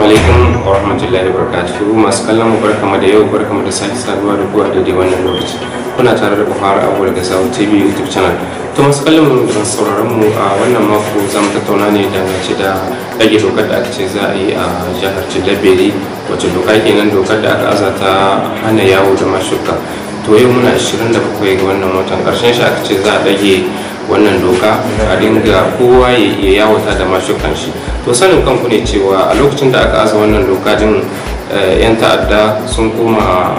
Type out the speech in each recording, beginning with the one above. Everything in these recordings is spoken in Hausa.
alaikum wa rahmatullahi wa barakatuhu masu kallon mu barkamu da yau barkamu da sake saduwa da kuwa dewan wannan lokaci kuna tare da Buhari Abu daga Sawu TV YouTube channel to masu kallon mu da sauraron a wannan mako za mu tattauna ne ce da rage dokar da aka za a yi a jihar Tilaberi wacce doka kenan dokar da aka aza ta hana yawo da mashuka to yau muna 27 ga wannan watan karshen shi aka ce za a ɗage wannan doka a dinga kowa ya yawata da mashukan shi to sanin kanku ne cewa a lokacin da aka asa wannan doka din eh, yan ta'adda sun koma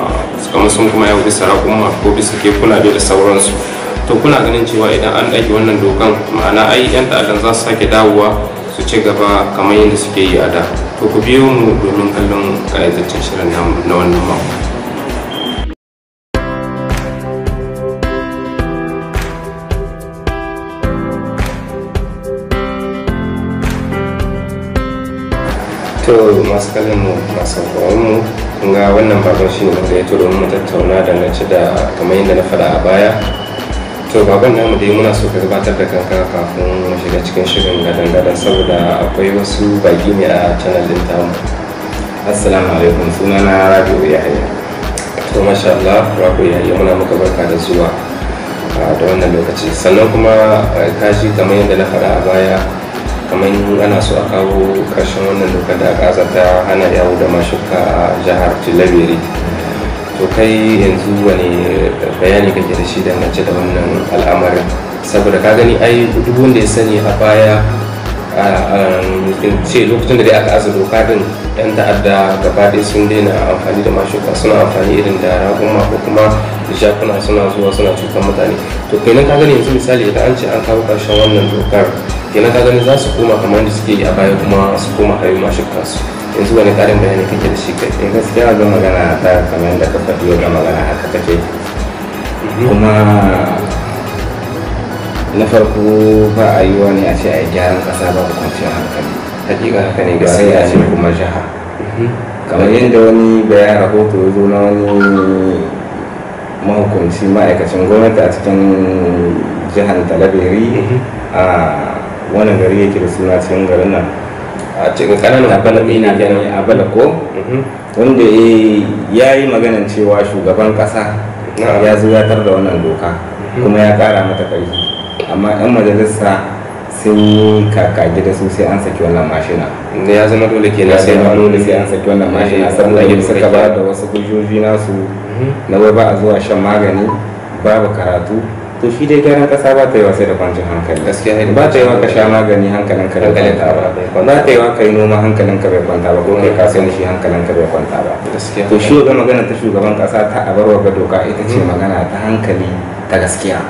kamar sun kuma yau bisa raƙuma ko bisa ke kekuna da sauransu to kuna ganin cewa idan an ɗage wannan dokan ma'ana ai yan ta'addan za su sake dawowa su ci gaba kamar yadda suke yi a da to ku biyo mu domin kallon ƙayataccen shirin na wannan mako to masu kallon mu masu mu kun ga wannan bakon shi ne da ya mu tattauna da na ci da kamar yadda na fada a baya to baban namu dai muna so ka gabatar da kanka kafin mu shiga cikin shirin gadan gadan saboda akwai wasu baki ne a channel din tamu assalamu alaikum suna na rabiu yahaya to masha Allah yahaya muna muka barka da zuwa ah, da wannan lokaci sannan kuma ah, kashi kamar yadda na faɗa a baya kamar ana so a kawo karshen wannan doka da aka ta hana yawo da mashuka a jihar tilabiri to kai yanzu wani bayani kake da shi mace da wannan al'amarin saboda ka gani ai duk wanda ya sani a baya ce lokacin da dai aka aza doka din yan ta'adda gaba ɗaya sun daina amfani da mashuka suna amfani irin da raguma ko kuma jakuna suna zuwa suna cutar mutane to kenan ka gani yanzu misali idan an ce an kawo ƙarshen wannan dokar kenan ka gani za su koma kamar da suke a baya kuma su koma hayo mashi kansu yanzu wani karin bayani kake da shi kai eh, gaskiya wajen magana ta kamar da ka faɗi wajen magana haka kake mhm. kuma na farko ba a yi wani a ce a yi gyaran ƙasa ba ku kwanci hankali hakika haka ne gaskiya a ce kuma jiha mhm. kamar yadda wani bayan rahoto ya zo na wani mahukunci ma'aikacin gwamnati a cikin jihar talabiri mhm. a wani gari yake da suna cikin garin nan a cikin kananan abala mina kenan abala ko mhm. wanda ya yi maganan cewa shugaban kasa ya zo ya da wannan doka mhm. kuma ya kara mata karfi amma yan majalisa sun yi kaka gida su sai an saki wannan mashina da ya zama dole kenan sai an dole sai an saki wannan mashina saboda yin suka ba da wasu hujjoji nasu mhm. na wai ba a zuwa shan magani babu karatu to shi dai gyaran kasa ba ta yi sai da kwancin hankali ba ta yi wa ka sha magani hankalin ka bai kwanta ba ba ta yi wa ka yi noma hankalin ka bai kwanta ba ko kai kasuwanci shi hankalin ka bai kwanta ba to shi ga magana ta shugaban kasa ta abarwa ga doka ita ce hmm. magana ta hankali ta gaskiya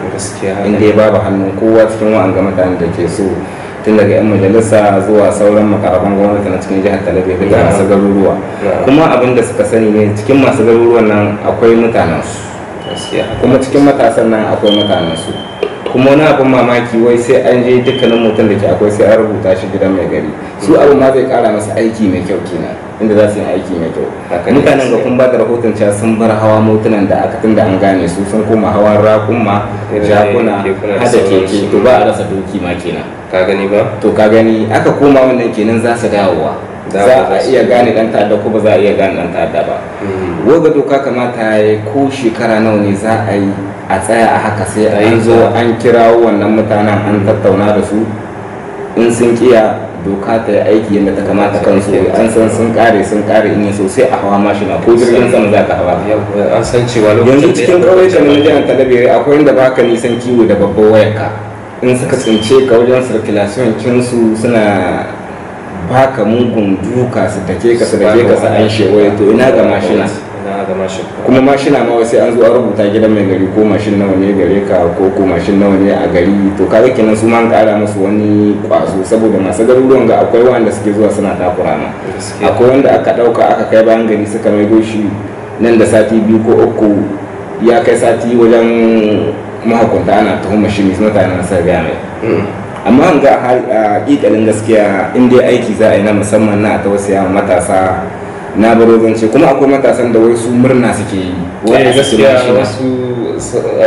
inda ya babu hannun kowa cikin wa'an ga mutanen da ke so tun daga 'yan majalisa zuwa sauran makaraban gwamnati na cikin jihar talabi da masu garuruwa kuma abinda da suka sani ne cikin masu garuruwan nan akwai mutanensu kuma cikin matasan nan akwai mutanen su kuma wani abin mamaki wai sai an je dukkanin mutum da ke akwai sai an rubuta shi gidan mai gari su abin ma zai kara masa aiki mai kyau kenan inda za su yi aiki mai kyau mutanen ga kun ba da rahoton cewa sun bar hawa motunan da aka tunda an gane su sun koma hawan rakunma eh, jakuna hada keke to ba a rasa doki ma kenan ka gani ba to ka gani aka koma wannan kenan za su dawowa za a iya gane dan ta'adda ko ba za a iya gane dan ta'adda ba hmm. waga doka kamata ya yi ko shekara nawa ne za a yi a tsaya a haka sai a yi zo an kirawo wannan mutanen an tattauna da su in sun kiya doka ta yi aiki yadda ta kamata kansu an san sun kare sun kare in yaso sai a hawa mashina ko jirgin sama za ka hawa an san cewa yanzu cikin kawai ta na jihar talabiri akwai inda baka nisan kiwo da babbar wayarka in suka tsince ka wajen circulation kinsu suna baka mugun duka su take ka su take ka su an shewaye to ina ga mashina da mashin kuma mashina ma sai an zo an rubuta gidan mai gari ko mashin nawa ne gare ka ko ko mashin nawa ne a gari to kaga kenan su ma an kara musu wani kwazo saboda masu garuruwan ga akwai wanda suke zuwa suna takura na akwai wanda aka dauka aka kai bayan gari suka mai shi nan da sati biyu ko uku ya kai sati wajen mahakunta ana tuhuma shi ne mutane na gaya mai hmm. amma an ga a ah, ƙiƙalin gaskiya inda aiki za a yi na musamman na ta wasu matasa na barozance kuma akwai matasan da wasu murna suke yi wani eh, gaskiya wasu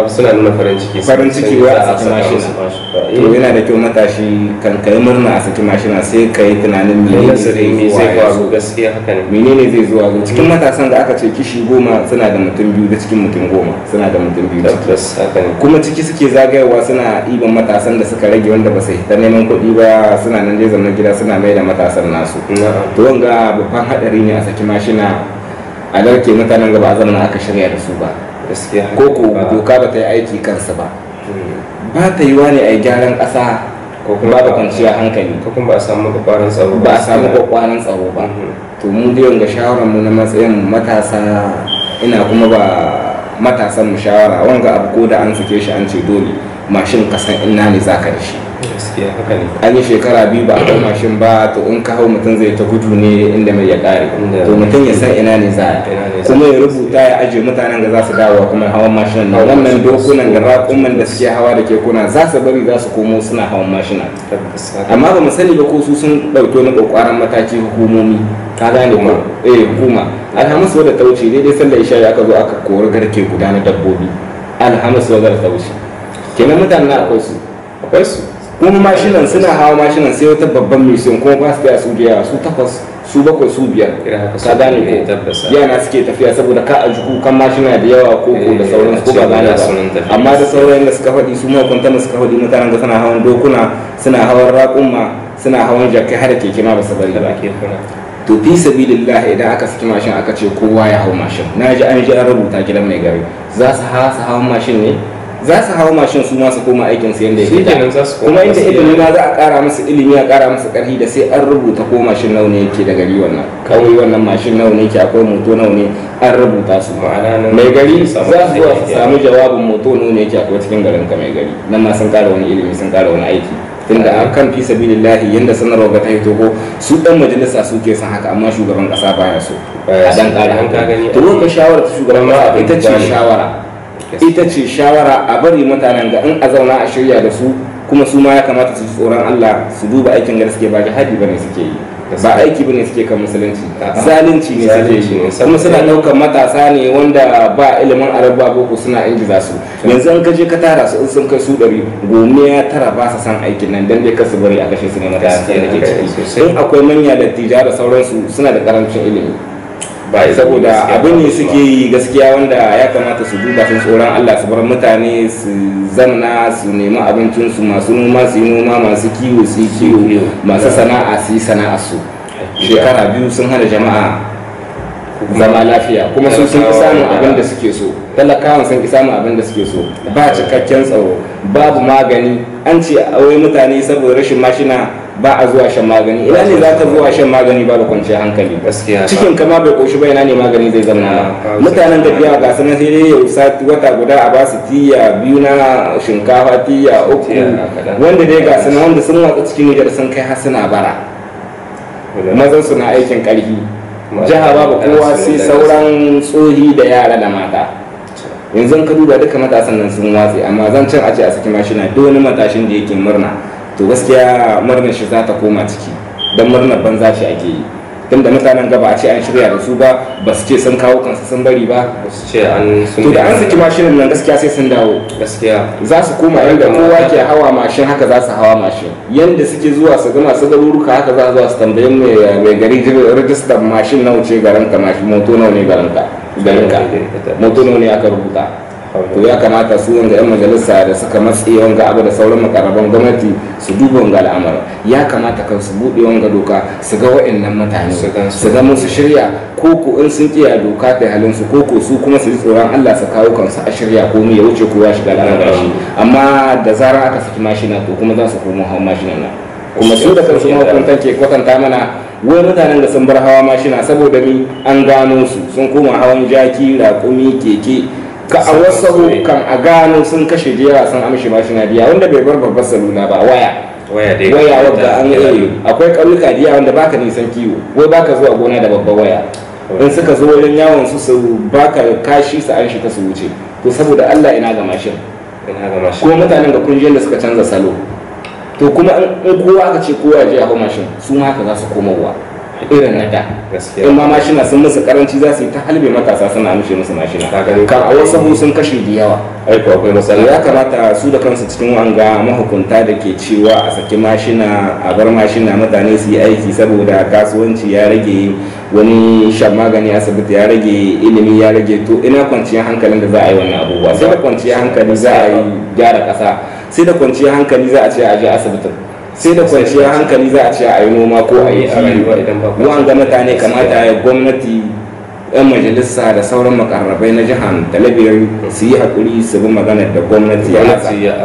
suna nuna farin ciki farin ciki ba a saki mashina to yana da kyau matashi kan kai murna a saki mashina sai kai tunanin ne zai faru gaskiya haka ne menene zai zuwa ga cikin mm. matasan da aka ce kishi goma suna da mutum biyu da cikin mutum goma suna da mutum biyu kuma ciki suke zagayewa suna iban matasan da suka rage wanda ba sai ta neman kuɗi ba suna nan dai zaman gida suna mai da matasan nasu to wanga babban hadari ne a saki mashina a garke mutanen gaba a zamanin aka shirya da su ba ko ko doka ba ta yi aiki kansa ba ba ta yi wani a gyaran ƙasa ko kuma ba kwanciya hankali ko kuma ba a samu kwakwaran tsaro ba a samu kwakwaran tsaro ba mm-hmm. to mu dai ga shawaran mu na matsayin matasa ina kuma ba matasan mu shawara wanga abu ko da an suke shi an ce dole mashin kasan ina ne za ka yi shi an yi shekara biyu ba a kai mashin ba to in ka hau mutum zai ta gudu ne inda mai ya ƙare. to mutum ya san ina ne za kuma ya rubuta ya ajiye mutanen da za su dawo kuma hawan mashinan nan wannan dokunan ga raƙuman da suke hawa da ke kuna za su bari za su komo suna hawan mashina amma ba mu sani ba ko su sun ɗauke na ƙoƙarin mataki hukumomi ka gane ko eh hukuma alhamis wadda ta wuce daidai sallar isha aka zo aka kori garke guda na dabbobi alhamis wadda ta wuce kenan mutanen akwai su akwai su kuma mashinan suna hawa mashinan sai wata babban mission kuma ba su da su da su takwas su bakwai su biyar ka gane ko yana suke tafiya saboda ka a juku kan mashina da yawa ko ko da eh, sauran su ba gane ba amma da sauran da suka faɗi su mahukuntan da suka faɗi mutanen da suna hawan dokuna suna hawan raƙumma suna hawan jakai har keke ma ba su bari ba to fi sabilillah idan aka saki mashin aka ce kowa ya hau mashin na ji an ji an rubuta gidan mai gari za su hawa su hawan mashin ne za su hawa mashin su ma su koma aikin su yanda yake da kuma inda ilimi na za a kara musu ilimi a kara musu karfi da sai an rubuta ko mashin nawa ne yake da gari wannan kawai wannan mashin nawa ne yake akwai moto nawa ne an rubuta su mai gari za su zuwa su samu jawabin moto nawa ne yake akwai cikin garin ka mai gari nan ma sun kara wani ilimi sun kara wani aiki tunda an kan fi sabilillahi yanda sanarwa ga ta hito ko su dan majalisa suke son haka amma shugaban kasa baya so a dan kara to ka shawara shugaban kasa ita ce shawara ita ce shawara a bari mutanen ga in a zauna a shirya da su kuma su ma ya kamata su tsoron Allah su duba aikin da suke ba jihadi bane suke yi ba aiki bane suke kan musulunci zalunci ne suke yi kuma suna daukar matasa ne wanda ba ilimin araba boko suna ingiza su yanzu an kaje ka tara su in sun kai su ɗari ya tara ba sa san aikin nan dan dai ka su bari a kashe su ne matasa da ciki in akwai manya da da sauransu suna da karancin ilimi ba saboda abu ne suke yi gaskiya wanda ya kamata su duba sun tsoron Allah su bar mutane su zanna su nemi abincin su masu noma su yi noma masu kiwo su yi kiwo masu sana'a su yi sana'a su shekara biyu sun hana jama'a zama lafiya kuma sun sun samun abin da suke so talakawa sun samun abin da suke so ba cikakken tsaro babu magani an ce wai mutane saboda rashin mashina ba a zuwa shan magani ina ne za ka zuwa shan magani ba da kwanciyar hankali cikin kama bai koshi ba ina ne magani zai zama mutanen tafiya ga sanar sai dai wata guda a basu tiya biyu na shinkafa tiya uku wanda dai ga sanar wanda sun watsa cikin nijar sun kai har bara mazan su na aikin karfi jiha babu kowa sai sauran tsohi da yara da mata yanzu ka duba duka matasan nan sun watse amma zan can a ce a saki mashina duk matashin da yake murna to gaskiya murnar shi za ta koma ciki don murnar banza ce ake yi tun da mutanen gaba a ce an shirya da su ba ba su ce sun kawo kansu sun bari ba ba su ce an sun to da an saki mashinin nan gaskiya sai sun dawo gaskiya za su koma yadda kowa ke hawa mashin haka za su hawa mashin yadda suke zuwa su gama su garuruka haka za zuwa su tambaye mai gari rajistar mashin nawa ce garin mashin moto nawa ne garin garinka moto nawa ne aka rubuta to ya kamata su wanga 'yan majalisa da suka matsi wanga abu da sauran makarabin gwamnati su duba wanga al'amari ya kamata kan su buɗe wanga doka su ga wa'annan mutane su ga musu shirya ko ko in sun kiya doka ta halin su ko ko su kuma su ji tsoron Allah su kawo kansu a shirya ko mu ya wuce ko ya shiga al'amarin shi amma da zarar aka saki mashina to kuma za su komo hawan mashina na kuma su da kansu mahukuntan ke kwatanta mana wai mutanen da sun bar hawa mashina saboda ni an gano su sun koma hawan jaki raƙumi keke ka a wasu kan a gano sun kashe jera sun amshi mashina biya wanda bai bar babbar saluna ba waya waya wadda an yi akwai kauyuka biya wanda baka nisan kiwo wai baka zuwa gona da babbar waya in suka zo wajen yawon su su baka kashi su an shi ta su wuce to saboda Allah ina ga mashin ko mutanen da kunjiyar da suka canza salo to kuma in kowa aka ce kowa ya je a mashin su ma haka za su komowa irin haka in ma mashina sun musu karanci za su yi ta halbe matasa suna mushe musu mashina ka a wasu sun kashe da yawa aiko akwai misali ya kamata su da kansu cikin wanga mahukunta da ke cewa a saki mashina a bar mashina mutane su yi aiki saboda kasuwanci ya rage wani shan magani asibiti ya rage ilimi ya rage to ina kwanciyar hankalin da za a yi wannan abubuwa sai da kwanciyar hankali za a yi gyara ƙasa sai da kwanciyar hankali za a ce a je asibitin sai da kwanciyar hankali za a ce a yi noma ko a yi wa'an ga mutane kamata ya gwamnati yan majalisa da sauran makarrabai na jihar talibiyar su yi haƙuri su bi maganar da gwamnati ya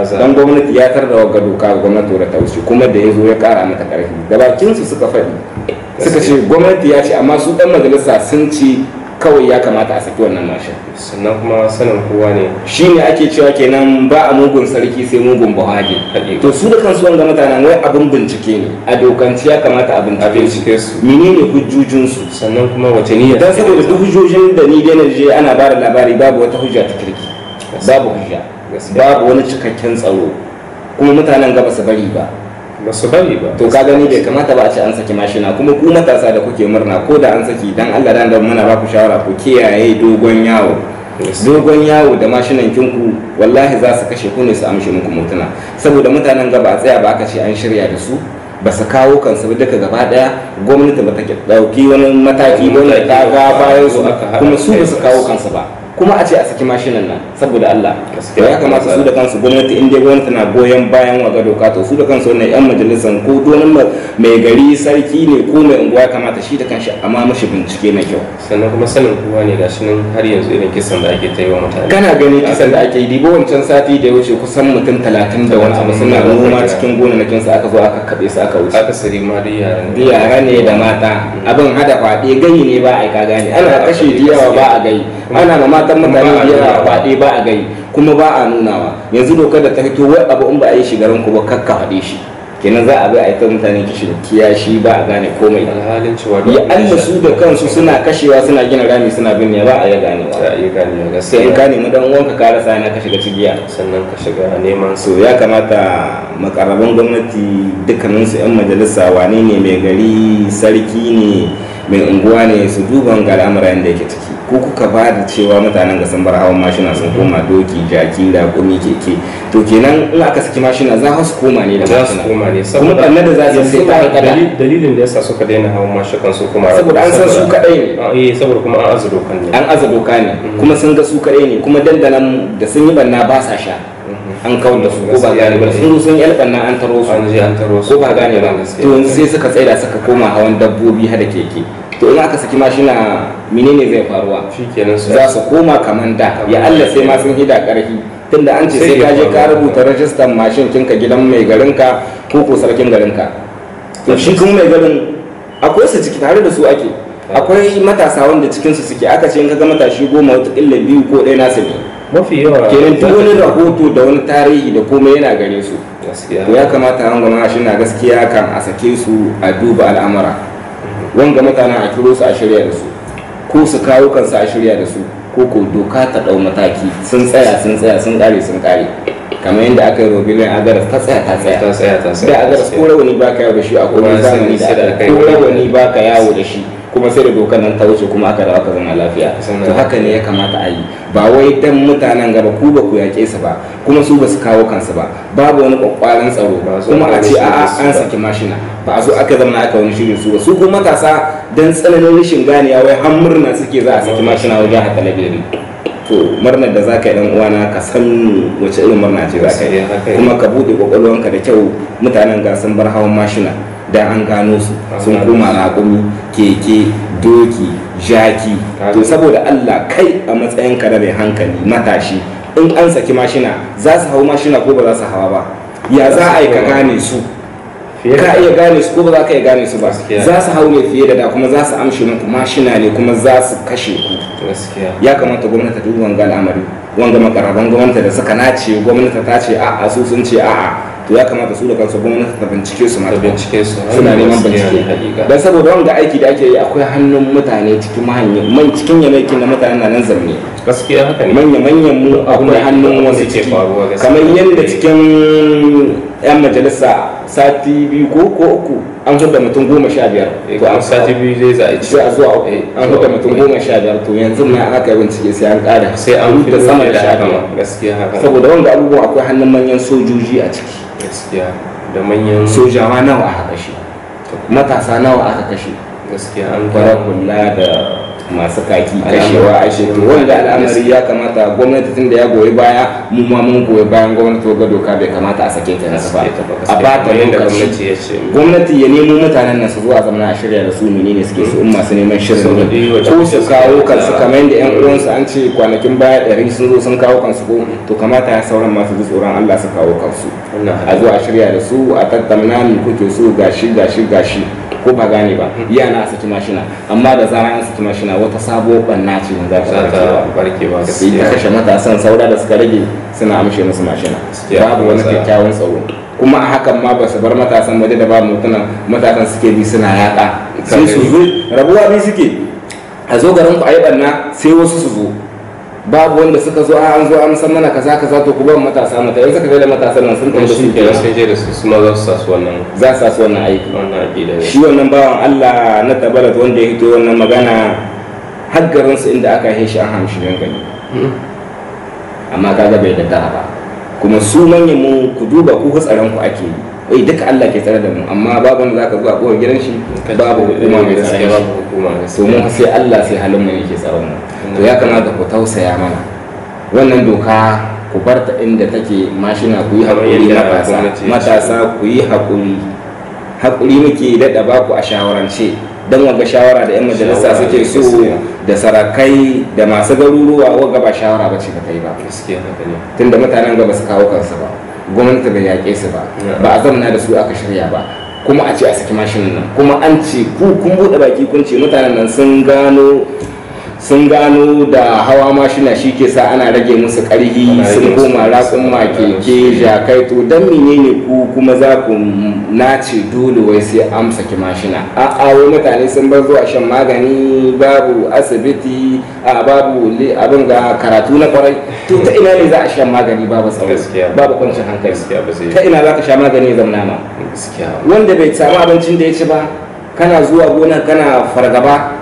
aza don gwamnati ya tarda wagga doka gwamnati da taushe kuma da ya zo ya ƙara mata ƙarfi da bakinsu suka faɗi suka ce gwamnati ya ce amma su ɗan majalisa sun ce. kawai ya kamata a saki wannan mashin sannan kuma sanin kowa ne shi ne ake cewa kenan ba a mugun sarki sai mugun buhari to su da kansu wanga mutanen wai abin bincike ne a dokanci ya kamata abin bincike su menene hujjojinsu sannan kuma wace niyya dan saboda duk hujjojin da ni da je ana ba da labari babu wata hujja ta kirki babu hujja babu wani cikakken tsaro kuma mutanen gaba su bari ba ba su bari ba to ka gani bai kamata ba a ce an saki mashina kuma ku matasa da kuke murna ko da an saki dan Allah dan da muna ba ku shawara ku kiyaye dogon yawo dogon yawo da mashinan kinku wallahi za su kashe ku ne su amshi muku mutuna saboda mutanen gaba tsaya ba aka ce an shirya da su ba su kawo kansu ba duka gaba daya gwamnati ba ta dauki wani mataki ba ta ga bayan su kuma su ba su kawo kansu ba kuma a ce a saki mashinan nan saboda Allah ya kamata su da kansu gwamnati in dai gwamnati na goyon bayan waga doka to su da kansu wannan yan majalisan ko donin mai gari sarki ne ko mai unguwa kamata shi da kanshi amma mashi bincike mai kyau sannan kuma sanin kowa ne gashi nan har yanzu irin kisan da ake ta yi wa mutane kana gani kisan da ake yi dibo wancan sati da ya wuce kusan mutum talatin da wani abu suna noma cikin gonakin su aka zo aka kabe su aka wuce aka sari ma da yaran ne yara ne da mata mm. abin hada faɗe gani ne ba a ka gane ana kashe diyawa ba a gai ana ga matan mutane biyar a faɗi ba a gani kuma ba a nunawa yanzu dokar da ta fito wai abu in ba a yi shigaran ku ba kakka faɗe shi kenan za a bi a yi ta mutane kishi da kiyashi ba a gane komai ya an su da kansu suna kashewa suna gina rami suna binne ba a yi gane. sai in ka nemi dan uwanka ka na ka shiga cigiya sannan ka shiga neman su ya kamata makarabin gwamnati dukkaninsu yan majalisa wane ne mai gari sarki ne mai unguwa ne su duba ga al'amura yadda yake ciki ko kuka ba da cewa mutanen ga sambar bar hawan mashina sun koma doki jaki da gumi keke to kenan in aka saki mashina za su koma ne da za su koma ne kuma kanna da za su sai ta kada dalilin da yasa suka daina hawan mashikan su kuma saboda an san su kadai ne ah, eh saboda kuma an doka ne an doka ne kuma sun ga su kadai ne kuma dandanan da sun yi banna ba sa sha Mhm. an kawar da su ko ba gane ba sun sun yalban nan an taro su ko ba gane ba to yanzu sai suka tsaya suka koma hawan dabbobi hada keke to in aka saki mashina menene zai faruwa za su koma kaman da ya Allah sai ma sun hida karfi tunda an ce sai ka je ka rubuta rajistan mashin kinka gidan mai garinka ko ko sarkin garinka to shi kuma mai garin akwai su ciki tare da su ake akwai matasa wanda cikinsu suke aka ce in ka ga matashi goma wata biyu ko ɗaya nasu biyu mafi yawa kenan duk wani rahoto da wani tarihi da komai yana gare su to ya kamata an gwamna shi na gaskiya kan a sake su a duba al'amura wanga mutanen a turo su a shirya da su ko su kawo kansu a shirya da su ko ko doka ta dau mataki sun tsaya sun tsaya sun kare sun kare kamar yadda aka yi robilin agaras ta tsaya ta tsaya ta tsaya ta tsaya da agaras ko rawani baka yawo da shi a kowane zamani da ko rawani baka yawo da shi kuma sai da dokar nan ta wuce kuma aka dawo aka zama lafiya to haka ne ya kamata a yi ba wai dan mutanen gaba ku ba ku yaƙe su ba kuma su ba su kawo kansu ba babu wani kwakwaran tsaro kuma a ce a'a an saki mashina ba a zo aka zama aka wani shirin su ba su kuma matasa dan tsananin rashin ganiya wai har murna suke za a saki mashina wajen haka talabiyar. to murnar da zaka yi dan uwana ka san wace irin murna ce zaka yi kuma ka bude kwakwalwanka da kyau mutanen ga sun bar hawan mashina dan an gano su sun koma raƙumi keke doki jaki to saboda allah kai a matsayin ka da mai hankali matashi in an saki mashina za su hau mashina ko ba za su hawa ba ya za a yi ka gane su ka iya gane su ko ba za ka iya gane su ba za su hau ne fiye da da kuma za su amshe muku mashina ne kuma za su kashe ku ya kamata gwamnati duk wanga al'amari wanga makaraban gwamnati da suka nace gwamnati ta ce a'a su sun ce a'a to ya kamata su da kansu gwamnati ta bincike su mara bincike su suna neman bincike dan saboda wanda aiki da ake yi akwai hannun mutane cikin mahanya man cikin yamaikin na mutanen nan zanne gaskiya haka ne manya manyan mu akwai hannun wasu ke faruwa kamar yadda cikin yan majalisa sati biyu ko ko uku an hudda mutum goma sha biyar eh, to an sati biyu zai za a ci sai a zuwa uku eh, an hudda mutum eh. goma sha biyar to yanzu na aka bincike sai an kada sai an hudda sama da sha biyar gaskiya haka saboda wanda abubuwa akwai hannun manyan sojoji a ciki gaskiya da manyan soja ma nawa aka kashe matasa nawa aka kashe gaskiya an fara kula da masu kaki kashewa a shekaru da al'amari ya kamata gwamnati tun da ya goyi baya mu ma mun goyi bayan gwamnati ga doka bai kamata a sake ta nasu ba a fata lokaci gwamnati ya nemo mutanen na su zo a zamana a shirya da su menene suke su in masu neman shirin ne ko su kawo kansu kamar yadda yan uwansu an ce kwanakin baya ɗari sun zo sun kawo kansu ko to kamata ya sauran masu ji tsoron Allah su kawo kansu a zo a shirya da su a tattauna mu kuke so gashi gashi gashi ko ba gane ba hmm. yana a saki mashina amma da zaran an saki mashina wata sabo banna ce wanda za ta barkewa su ta kashe matasan saura da suka rage suna amshe musu mashina babu wani kyakkyawan tsaro kuma a hakan ma ba su bar matasan waje da ba mutunan matasan suke bi suna yaɗa. sai su zo rabuwa bi suke a zo garin ku ayi banna sai wasu su zo babu wanda suka zo an zo an san mana kaza kaza to ku ba matasa mata yanzu ga da matasan nan sun tafi ke kenan sai je da su kuma za su sasu wannan za su sasu wannan aiki wannan da shi wannan bawan Allah na tabarat wanda ya hito wannan magana har garinsa inda aka haishi a an hamshirin gani amma kaga bai da ba kuma su manyan mu ku duba ku hatsarin ku ake yi wai duka Allah ke tsare da mu amma babu wanda zaka zuwa kowa gidan shi babu hukuma mai tsare shi to mun sai Allah sai halin mu yake tsare mu to ya kamata ku tausaya mana wannan doka ku bar ta inda take mashina ku yi hakuri matasa matasa ku yi hakuri hakuri muke daɗa ba ku a shawarance don wanga shawara da 'yan majalisa suke so da sarakai da masu garuruwa wa gaba shawara ba ce ka kai ba tunda mutanen gaba su kawo kansu ba gwamnati bai yaƙe su ba ba a zamana da su aka shirya ba kuma a ce a saki mashin nan kuma an ce ku kun buɗe baki kun ce mutanen nan sun gano sun gano da hawa mashina shi ke sa ana rage musu ƙarfi sun koma ratsun makeke jakai to don menene ku kuma za ku nace dole wai sai an saki mashina a wai mutane sun bar zuwa shan magani babu asibiti a babu abin ga karatu na kwarai to ta ina ne za a shan magani babu tsawo babu kwancin hankali ta ina za ka sha magani zamna ma wanda bai samu abincin da ya ci ba kana zuwa gona kana fargaba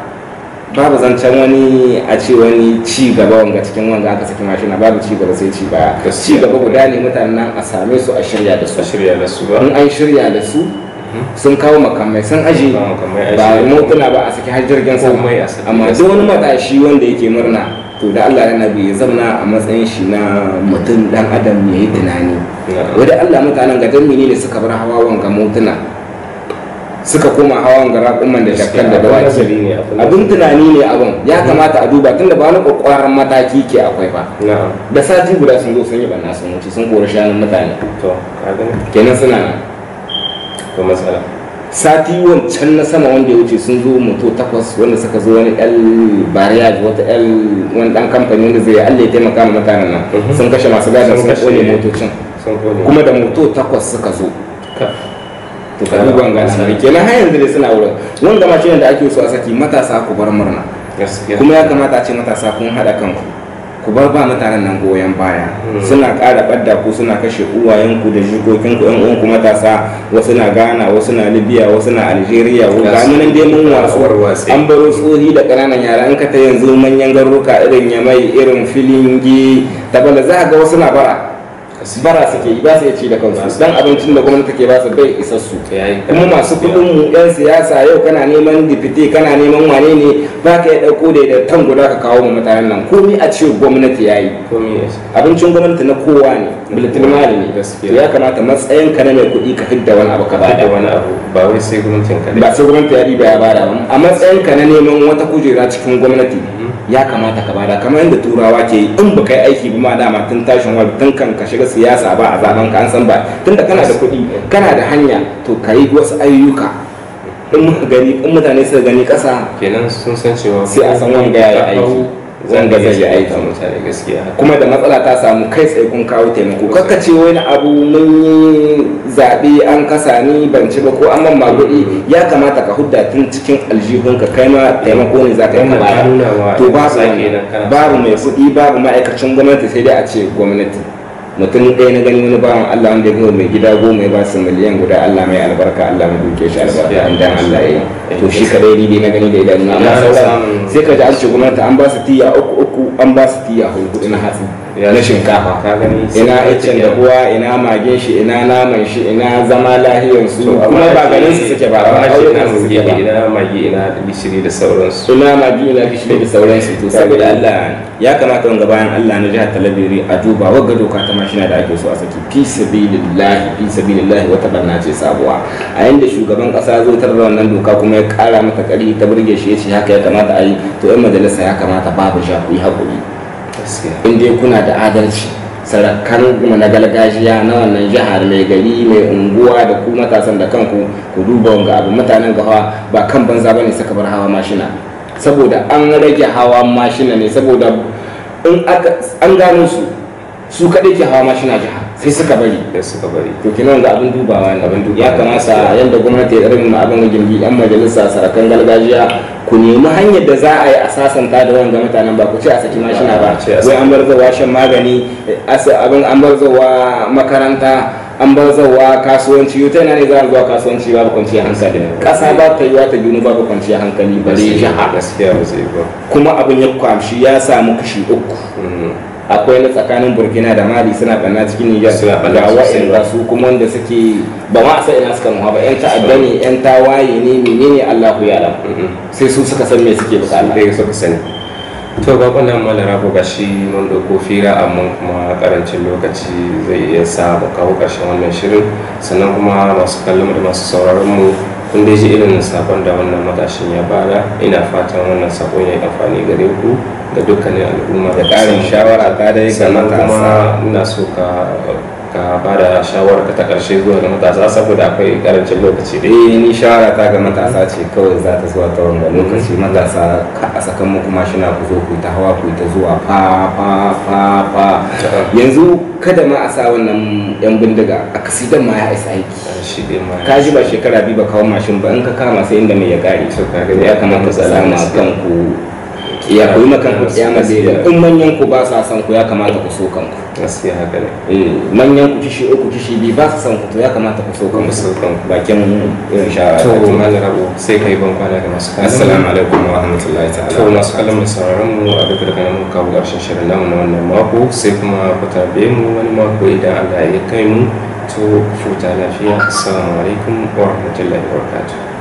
babu zancen wani a ce wani ci gaba wanga cikin wanga aka saki mashina babu ci gaba sai ci baya ci gaba guda ne mutanen nan a same su a shirya da su shirya da su ba. in an shirya da su mhm. sun kawo makamai sun aji ba motuna ba a saki har jirgin sama amma duk wani matashi wanda yake murna to da Allah yana ya zauna a matsayin shi na mutum dan adam ya yi tunani wadda Allah mutanen ga dan ne suka bar hawa wanga motuna suka koma hawan ga kuma da shakkan da dawaki abin tunani ne abin ya kamata a duba tunda ba wani kwakwaran mataki ke akwai ba da sati guda sun zo sun yi banna sun wuce sun kori shanun mutane kenan suna nan to matsala sati wancan na sama wanda ya wuce sun zo mutu takwas wanda suka zo wani l bariyaj wata l wani dan kamfani wanda zai allah ya taimaka ma mutanen nan mhm. sun kashe masu gadon sun kone motocin kuma da moto takwas suka zo to ka duba an gane kenan yanzu dai suna wurin wanda ma ne da ake so a saki matasa ku bar murna kuma ya kamata a ce matasa kun haɗa kanku ku bar ba mutanen nan goyon baya hmm. suna ƙara ɓadda ku suna kashe uwayenku da jikokinku yan uwanku matasa wasu na ghana wasu na libya wasu na algeria ga nan dai mun wasu an baro tsohi da ƙananan yara an kata yanzu manyan garuruka irin yamai irin filingi tabala za ga wasu na bara bara suke yi ba su ci da kansu dan abincin da gwamnati ke ba su bai isa su kuma masu kudin mu yan siyasa yau kana neman dipite kana neman wane ne ba ka ya dauko da da tan guda ka kawo mu mutanen nan komai a ce gwamnati yayi abincin gwamnati na kowa ne bulletin mali ne ya kamata matsayin ka na mai kudi ka hidda wani abu ka da wani abu ba wai sai gwamnatin ka ba sai gwamnati ya ba ya bada a matsayin ka na neman wata kujera cikin gwamnati ya kamata ka bada kamar yadda turawa ke yi in baka yi aiki ba ma dama tun tashin wani tun kan ka shiga siyasa ba a zaben ka an san ba tunda kana da kuɗi kana da hanya to ka yi wasu ayyuka in gani in mutane suka gani ƙasa kenan sun san cewa sai a san wani ga aiki wanda zai yi aiki mutane gaskiya kuma da matsala ta samu kai tsaye kun kawo taimako kakka ce wani abu mun yi zaɓe an kasa ni ban ci ba ko an man magudi mm-hmm. ya kamata ka hudda tun cikin aljihun ka kai ma taimako ne za ka yi to ba su babu mai kuɗi babu ma'aikacin gwamnati sai dai a ce gwamnati mutum ɗaya na gani wani bawan Allah wanda ya mai gida goma ya ba su miliyan guda Allah mai albarka Allah mai duke shi albarka an dan Allah ya to shi kadai ni dai na gani da idan na sauran sai ka ji an ce gwamnati an ba su tiya uku uku an ba su tiya hudu na hatsi na shinkafa ina iccen da kuwa ina magen shi ina naman shi ina zama lahiyan su kuma ba ganin su suke ba ba aure su suke ina magi ina gishiri da sauransu ina magi ina gishiri da sauransu to saboda Allah ya kamata wanga bayan Allah na jihar Talabiri a duba wagga doka ta mashina da ake so a saki fi sabilillahi fi sabilillahi wata barna ce sabuwa a yanda shugaban kasa zo da wannan doka kuma ya kara mata kari ta burge shi yace haka ya kamata a yi to yan majalisa ya kamata babu ja ku yi hakuri in dai kuna da adalci sarakan na gargajiya na wannan jihar mai gari mai unguwa da ku matasan da kanku ku duba wanga abu mutanen gawa ba kan banza bane saka bar hawa mashina saboda an rage hawa mashina ne saboda in an gano su su kaɗai ke hawa mashina jiha sai suka bari da suka bari to kina wanda abin dubawa ne abin dubawa ya kamata yadda gwamnati ya ma abin gindi yan majalisa sarakan gargajiya ku nemi hanyar da za a yi a sasanta da wanga mutanen ba ku ce a saki mashina ba wai an bar zawa shan magani eh, abin an bar zawa makaranta an bar zauwa kasuwanci yau ta yana ne za a zuwa kasuwanci babu kwanciyar hankali ƙasa ba ta yiwa ta ba babu kwanciyar hankali ba zai ba. Mm. kuma abin ya kwamshi ya samu kashi uku mm. akwai na tsakanin burkina da mali suna ɓanna cikin niger da waɗanda su kuma wanda suke ba ma a sa ina suka nuha ba yan ta'adda ne yan tawaye ne menene allah ku yara sai su suka san me suke bukata to bakon nan malara ko gashi mun dauko fira amma kuma karancin lokaci zai iya sa ba kawo karshen wannan shirin sannan kuma masu kallon da masu sauraron mu kun dai ji irin sakon da wannan matashin ya bada ina fatan wannan sakon ya yi amfani gare ku da dukkanin al'umma da karin shawara ta dai sannan kuma ina so ka ka ba da ka ta karshe zuwa ga matasa saboda akwai karancin lokaci da eh, ni shawara ta ga matasa ce kawai za ta zuwa ta wanda lokaci matasa ka a sakan muku mashina ku zo ku ta hawa ku ta zuwa fa fa fa fa yanzu kada ma a sa wannan yan bindiga a kasidan ma ya isa aiki ka ji ba shekara biyu ba kawo mashin ba in ka kama sai inda mai ya gari. ya kamata salama kan ku ya ku yi makan ya madina in manyan ku ba sa san ku ya kamata ku so kanku gaskiya haka ne eh, manyan ku kishi uku kishi biyu ba sa san ku to ya kamata ku so kanku so ku bakin irin shawara to malam rabu sai kai ban kwana da masu kallon assalamu alaikum wa rahmatullahi ta'ala to masu kallon mu sauraron mu a duk daga nan kawo karshen shirin namu na wannan mako sai kuma ku tarbe mu wani mako idan Allah ya kai mu to futa lafiya assalamu alaikum wa rahmatullahi wa barakatuh